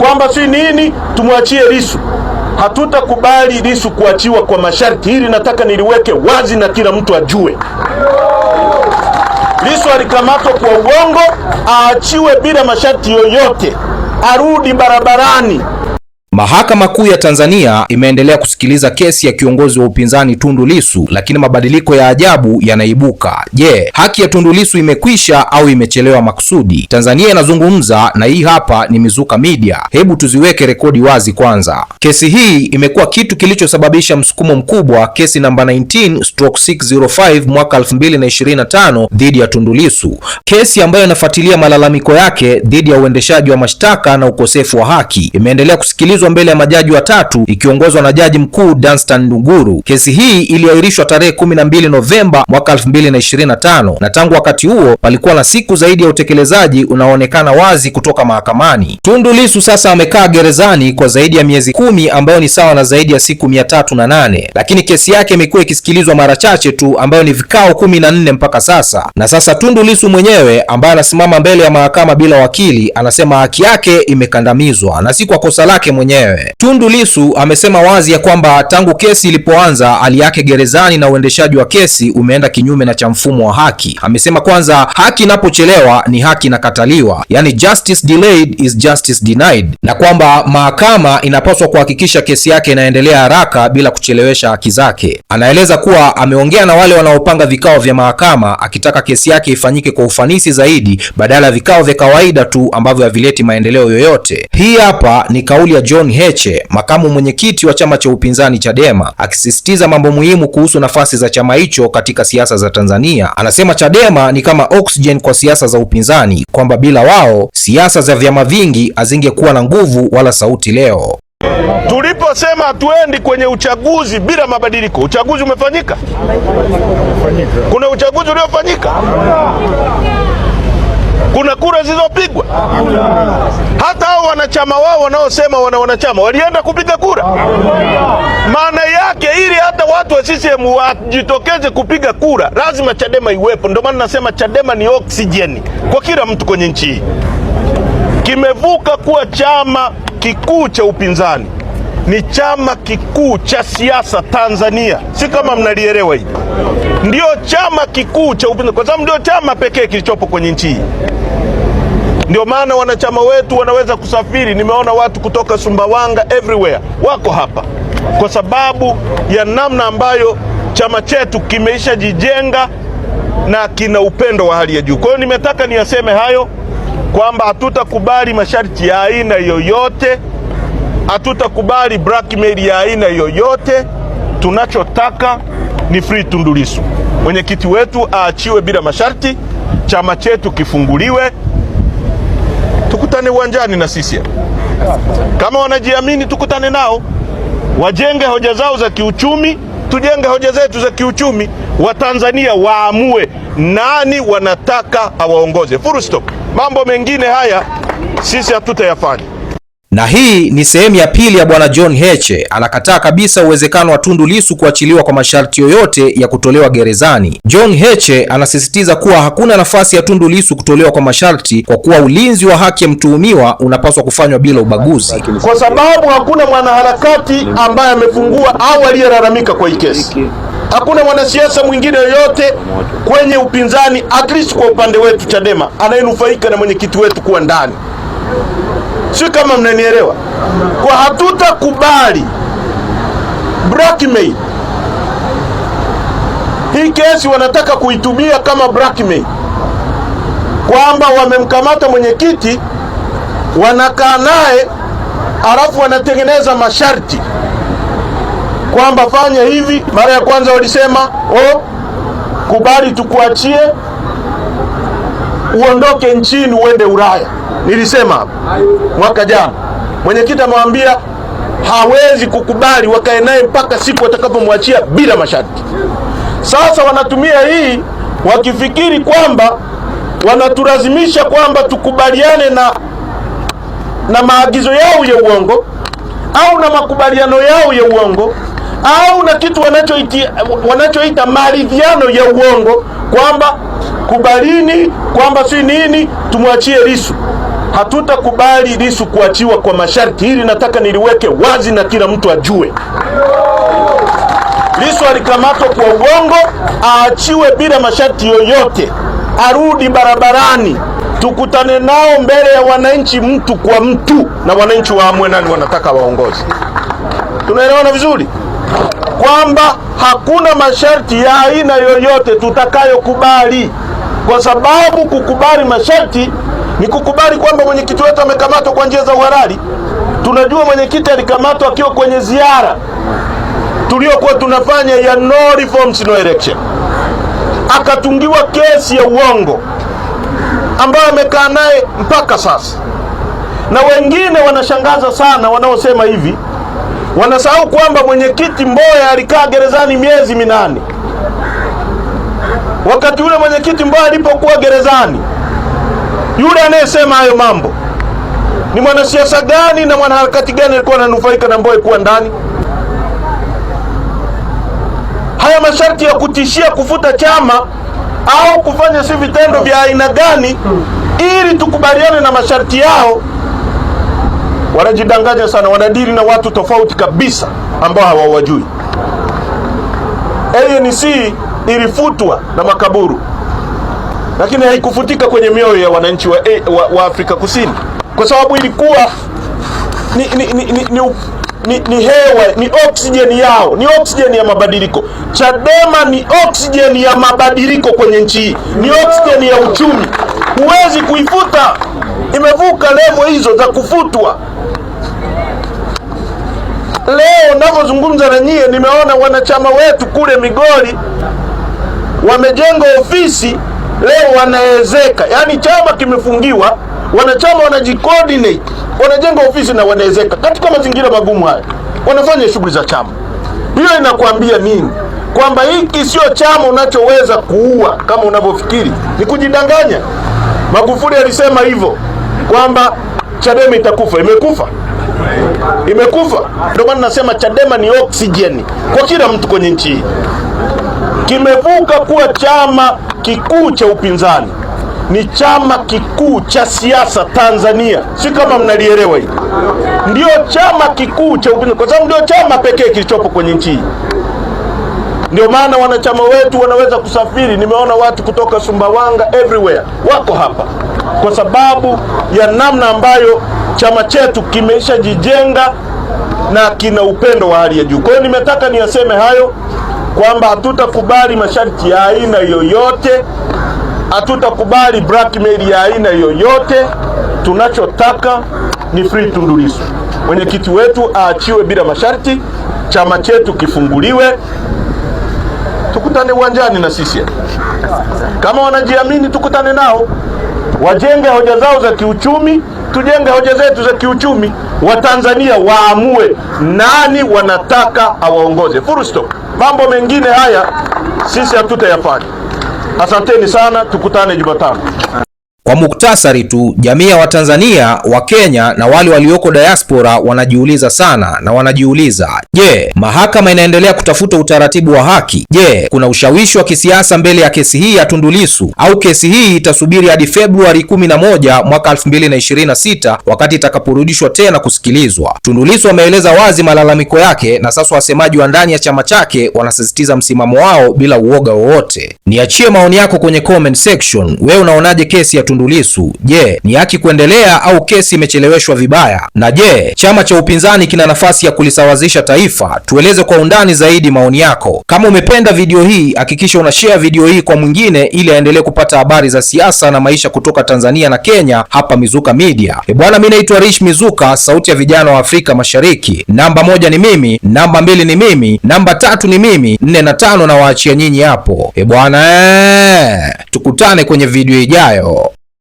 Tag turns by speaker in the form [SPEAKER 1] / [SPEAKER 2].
[SPEAKER 1] kwamba si nini, tumwachie lisu Hatutakubali lisu kuachiwa kwa masharti. Hili nataka niliweke wazi na kila mtu ajue. lisu alikamatwa kwa uongo, aachiwe bila masharti yoyote, arudi barabarani.
[SPEAKER 2] Mahakama Kuu ya Tanzania imeendelea kusikiliza kesi ya kiongozi wa upinzani Tundu Lissu, lakini mabadiliko ya ajabu yanaibuka. Je, haki ya Tundu Lissu imekwisha au imechelewa makusudi? Tanzania inazungumza, na hii hapa ni Mizuka Media. Hebu tuziweke rekodi wazi kwanza. Kesi hii imekuwa kitu kilichosababisha msukumo mkubwa, kesi namba 19/605 mwaka 2025 dhidi ya Tundu Lissu, kesi ambayo inafuatilia malalamiko yake dhidi ya uendeshaji wa mashtaka na ukosefu wa haki, imeendelea kusikilizwa kusikilizwa mbele ya majaji watatu ikiongozwa na jaji mkuu Danstan Ndunguru. Kesi hii iliahirishwa tarehe 12 Novemba mwaka 2025 na tangu wakati huo palikuwa na siku zaidi ya utekelezaji unaoonekana wazi kutoka mahakamani. Tundu Lissu sasa amekaa gerezani kwa zaidi ya miezi kumi ambayo ni sawa na zaidi ya siku nane lakini kesi yake imekuwa ikisikilizwa mara chache tu ambayo ni vikao nne mpaka sasa. Na sasa Tundu Lissu mwenyewe ambaye anasimama mbele ya mahakama bila wakili anasema haki yake imekandamizwa na si kwa kosa lake mwenyewe mwenyewe. Tundu Lissu amesema wazi ya kwamba tangu kesi ilipoanza hali yake gerezani na uendeshaji wa kesi umeenda kinyume na cha mfumo wa haki. Amesema kwanza, haki inapochelewa ni haki inakataliwa, yani justice delayed is justice denied, na kwamba mahakama inapaswa kuhakikisha kesi yake inaendelea haraka bila kuchelewesha haki zake. Anaeleza kuwa ameongea na wale wanaopanga vikao vya mahakama akitaka kesi yake ifanyike kwa ufanisi zaidi badala ya vikao vya kawaida tu ambavyo havileti maendeleo yoyote. Hii hapa ni kauli ya John Heche, makamu mwenyekiti wa chama cha upinzani Chadema, akisisitiza mambo muhimu kuhusu nafasi za chama hicho katika siasa za Tanzania. Anasema Chadema ni kama oxygen kwa siasa za upinzani, kwamba bila wao siasa za vyama vingi hazingekuwa na nguvu wala sauti leo.
[SPEAKER 1] Tuliposema hatuendi kwenye uchaguzi bila mabadiliko, uchaguzi umefanyika? Kuna uchaguzi uliofanyika? Kuna kura zilizopigwa? Hata hao wanachama wao wanaosema wana wanachama walienda kupiga kura? Maana yake ili hata watu wa CCM wajitokeze kupiga kura, lazima Chadema iwepo. Ndio maana nasema Chadema ni oksijeni kwa kila mtu kwenye nchi hii, kimevuka kuwa chama kikuu cha upinzani ni chama kikuu cha siasa Tanzania, si kama mnalielewa hivi, Ndio chama kikuu cha upinzani, kwa sababu ndio chama pekee kilichopo kwenye nchi hii. Ndio maana wanachama wetu wanaweza kusafiri. Nimeona watu kutoka Sumbawanga everywhere wako hapa kwa sababu ya namna ambayo chama chetu kimeishajijenga na kina upendo wa hali ya juu. Kwa hiyo nimetaka niyaseme hayo kwamba hatutakubali masharti ya aina yoyote Hatutakubali blackmail ya aina yoyote. Tunachotaka ni free Tundu Lissu, mwenyekiti wetu aachiwe bila masharti, chama chetu kifunguliwe, tukutane uwanjani na sisi. Kama wanajiamini, tukutane nao, wajenge hoja zao za kiuchumi, tujenge hoja zetu za kiuchumi. Watanzania waamue nani wanataka awaongoze, full stop. Mambo mengine haya sisi hatutayafanya.
[SPEAKER 2] Na hii ni sehemu ya pili ya bwana John Heche. Anakataa kabisa uwezekano wa Tundu Lissu kuachiliwa kwa masharti yoyote ya kutolewa gerezani. John Heche anasisitiza kuwa hakuna nafasi ya Tundu Lissu kutolewa kwa masharti kwa kuwa ulinzi wa haki ya mtuhumiwa unapaswa kufanywa bila ubaguzi,
[SPEAKER 1] kwa sababu hakuna mwanaharakati ambaye amefungua au aliyeraramika kwa hii kesi. Hakuna mwanasiasa mwingine yoyote kwenye upinzani, at least kwa upande wetu Chadema, anayenufaika na mwenyekiti wetu kuwa ndani si kama mnanielewa, kwa hatutakubali blackmail. Hii kesi wanataka kuitumia kama blackmail, kwamba wamemkamata mwenyekiti, wanakaa naye alafu wanatengeneza masharti kwamba fanya hivi. Mara ya kwanza walisema oh, kubali tukuachie uondoke nchini uende Ulaya. Nilisema mwaka jana, mwenyekiti amewambia hawezi kukubali wakae naye mpaka siku watakapomwachia bila masharti. Sasa wanatumia hii wakifikiri kwamba wanatulazimisha kwamba tukubaliane na, na maagizo yao ya uongo au na makubaliano yao ya uongo au na kitu wanachoita wanachoita maridhiano ya uongo kwamba kubalini, kwamba si nini, tumwachie Lissu. Hatutakubali lisu kuachiwa kwa masharti. Hili nataka niliweke wazi na kila mtu ajue. lisu alikamatwa kwa uongo, aachiwe bila masharti yoyote, arudi barabarani, tukutane nao mbele ya wananchi, mtu kwa mtu, na wananchi waamue nani wanataka waongozi. Tunaelewana vizuri kwamba hakuna masharti ya aina yoyote tutakayokubali, kwa sababu kukubali masharti ni kukubali kwamba mwenyekiti wetu amekamatwa kwa njia za uhalali. Tunajua mwenyekiti alikamatwa akiwa kwenye ziara tuliyokuwa tunafanya ya no reforms no election, akatungiwa kesi ya uongo ambayo amekaa naye mpaka sasa. Na wengine wanashangaza sana, wanaosema hivi wanasahau kwamba mwenyekiti Mboya alikaa gerezani miezi minane. Wakati ule mwenyekiti Mboya alipokuwa gerezani yule anayesema hayo mambo ni mwanasiasa gani na mwanaharakati gani alikuwa ananufaika na mboe kuwa ndani? Haya masharti ya kutishia kufuta chama au kufanya si vitendo vya aina gani ili tukubaliane na masharti yao? Wanajidanganya sana, wanadili na watu tofauti kabisa ambao hawawajui. ANC ilifutwa na makaburu lakini haikufutika kwenye mioyo ya wananchi wa, eh, wa, wa Afrika Kusini kwa sababu ilikuwa ni, ni, ni, ni, ni, ni, ni hewa ni oksijeni yao, ni oksijeni ya mabadiliko. Chadema ni oksijeni ya mabadiliko kwenye nchi hii, ni oksijeni ya uchumi. Huwezi kuifuta, imevuka levo hizo za kufutwa. Leo ninavyozungumza na nyie, nimeona wanachama wetu kule Migori wamejenga ofisi leo wanaezeka, yaani chama kimefungiwa, wanachama wanajicoordinate, wanajenga ofisi na wanaezeka katika mazingira magumu haya, wanafanya shughuli za chama. Hiyo inakwambia nini? Kwamba hiki sio chama unachoweza kuua kama unavyofikiri, ni kujidanganya. Magufuli alisema hivyo kwamba Chadema itakufa, imekufa imekufa. Ndio maana nasema Chadema ni oksijeni kwa kila mtu kwenye nchi hii kimevuka kuwa chama kikuu cha upinzani, ni chama kikuu cha siasa Tanzania. Si kama mnalielewa hivi. ndio chama kikuu cha upinzani kwa sababu ndio chama pekee kilichopo kwenye nchi hii. Ndio maana wanachama wetu wanaweza kusafiri. Nimeona watu kutoka Sumbawanga everywhere wako hapa kwa sababu ya namna ambayo chama chetu kimeshajijenga na kina upendo wa hali ya juu. Kwa hiyo nimetaka niyaseme hayo kwamba hatutakubali masharti ya aina yoyote, hatutakubali blackmail ya aina yoyote. Tunachotaka ni free Tundu Lissu, mwenyekiti wetu aachiwe bila masharti, chama chetu kifunguliwe, tukutane uwanjani na sisi. Kama wanajiamini, tukutane nao, wajenge hoja zao za kiuchumi, tujenge hoja zetu za kiuchumi. Watanzania waamue nani wanataka awaongoze, full stop. Mambo mengine haya sisi hatutayafanya. Asanteni sana, tukutane Jumatano.
[SPEAKER 2] Kwa muktasari tu, jamii ya Watanzania, Wakenya na wale walioko diaspora wanajiuliza sana na wanajiuliza, je, mahakama inaendelea kutafuta utaratibu wa haki? Je, kuna ushawishi wa kisiasa mbele ya kesi hii ya Tundu Lissu au kesi hii itasubiri hadi Februari 11 mwaka 2026 wakati itakaporudishwa tena kusikilizwa? Tundu Lissu ameeleza wazi malalamiko yake na sasa wasemaji wa ndani ya chama chake wanasisitiza msimamo wao bila uoga wowote. Niachie maoni yako kwenye comment section. Wewe unaonaje kesi ya Tundu Tundu Lissu. Je, ni haki kuendelea au kesi imecheleweshwa vibaya? Na je, chama cha upinzani kina nafasi ya kulisawazisha taifa? Tueleze kwa undani zaidi maoni yako. Kama umependa video hii, hakikisha una share video hii kwa mwingine, ili aendelee kupata habari za siasa na maisha kutoka Tanzania na Kenya hapa Mizuka Media. E bwana, mimi naitwa Rich Mizuka, sauti ya vijana wa Afrika Mashariki. Namba moja ni mimi, namba mbili ni mimi, namba tatu ni mimi, nne na tano na waachia nyinyi hapo. E bwana, tukutane kwenye video ijayo.